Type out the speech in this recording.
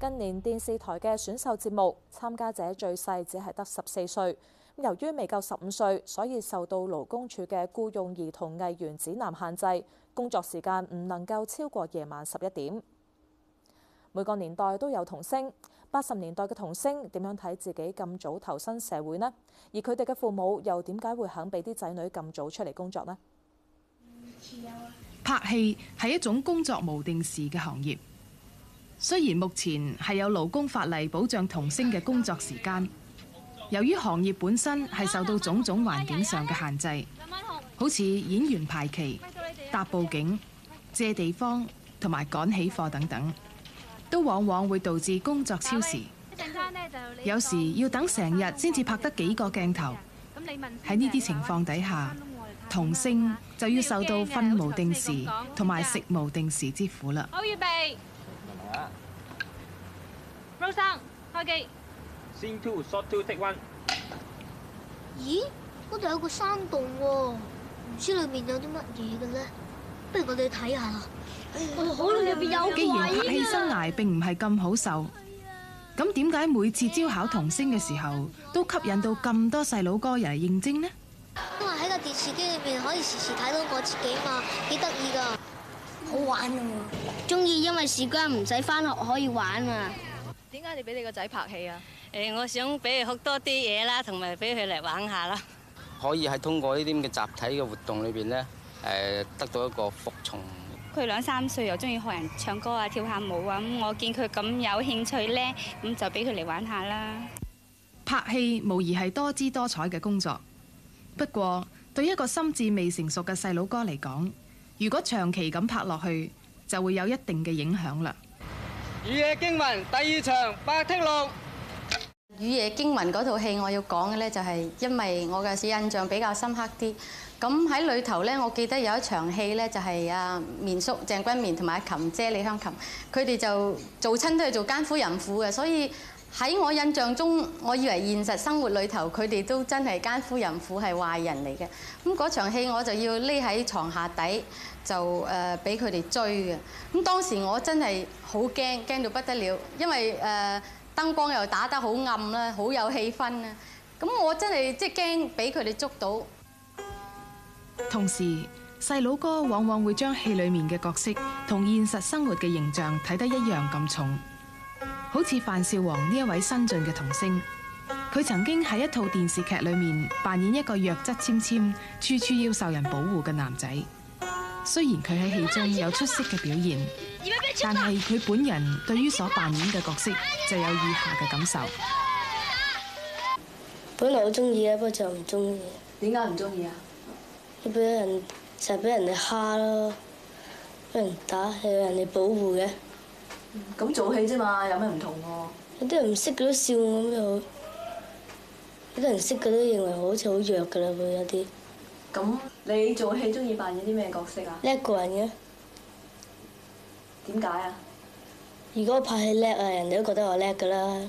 近年電視台嘅選秀節目參加者最細只係得十四歲，由於未夠十五歲，所以受到勞工處嘅僱用兒童藝員指南限制，工作時間唔能夠超過夜晚十一點。每個年代都有童星，八十年代嘅童星點樣睇自己咁早投身社會呢？而佢哋嘅父母又點解會肯俾啲仔女咁早出嚟工作呢？拍戲係一種工作無定時嘅行業。雖然目前係有勞工法例保障童星嘅工作時間，由於行業本身係受到種種環境上嘅限制，好似演員排期、搭佈景、借地方同埋趕起貨等等，都往往會導致工作超時。有時要等成日先至拍得幾個鏡頭。喺呢啲情況底下，童星就要受到瞓無定時同埋食無定時之苦啦。先生，開機。Scene two, shot two, take one。咦，嗰度有個山洞喎，唔知裏面有啲乜嘢嘅咧？不如我哋去睇下啦。我好耐入邊有、啊。既然拍戲生涯並唔係咁好受，咁點解每次招考童星嘅時候、啊、都吸引到咁多細佬哥入嚟應徵呢？因為喺個電視機裏邊可以時時睇到我自己嘛，幾得意噶，好玩啊！中意，因為時間唔使翻學可以玩啊！點解你俾你個仔拍戲啊？誒，我想俾佢學多啲嘢啦，同埋俾佢嚟玩下啦。可以係通過呢啲咁嘅集體嘅活動裏邊呢，誒，得到一個服從。佢兩三歲又中意學人唱歌啊，跳下舞啊，咁我見佢咁有興趣呢，咁就俾佢嚟玩下啦。拍戲無疑係多姿多彩嘅工作，不過對一個心智未成熟嘅細佬哥嚟講，如果長期咁拍落去，就會有一定嘅影響啦。《雨夜驚魂》第二場《白鐵龍》。《雨夜驚魂》嗰套戲，我要講嘅咧就係因為我嘅印象比較深刻啲。咁喺裏頭咧，我記得有一場戲咧，就係阿綿叔鄭君綿同埋阿琴姐李香琴，佢哋就做親都係做姦夫淫婦嘅，所以。喺我印象中，我以為現實生活裏頭佢哋都真係奸夫淫婦係壞人嚟嘅。咁嗰場戲我就要匿喺床下底，就誒俾佢哋追嘅。咁當時我真係好驚，驚到不得了，因為誒、呃、燈光又打得好暗啦，好有氣氛啊。咁我真係即係驚俾佢哋捉到。同時，細佬哥往往會將戲裡面嘅角色同現實生活嘅形象睇得一樣咁重。好似范少皇呢一位新晉嘅童星，佢曾經喺一套電視劇裏面扮演一個弱質纖纖、處處要受人保護嘅男仔。雖然佢喺戲中有出色嘅表現，但係佢本人對於所扮演嘅角色就有以下嘅感受：本來好中意啊，但不過就唔中意。點解唔中意啊？俾人成日俾人哋蝦咯，俾人打，俾人哋保護嘅。咁做戲啫嘛，有咩唔同喎？有啲人唔識佢都笑我咁又，有啲人唔識佢都認為好似好弱噶啦，會有啲。咁你做戲中意扮演啲咩角色啊？叻個人嘅。點解啊？如果我拍戲叻啊，人哋都覺得我叻噶啦。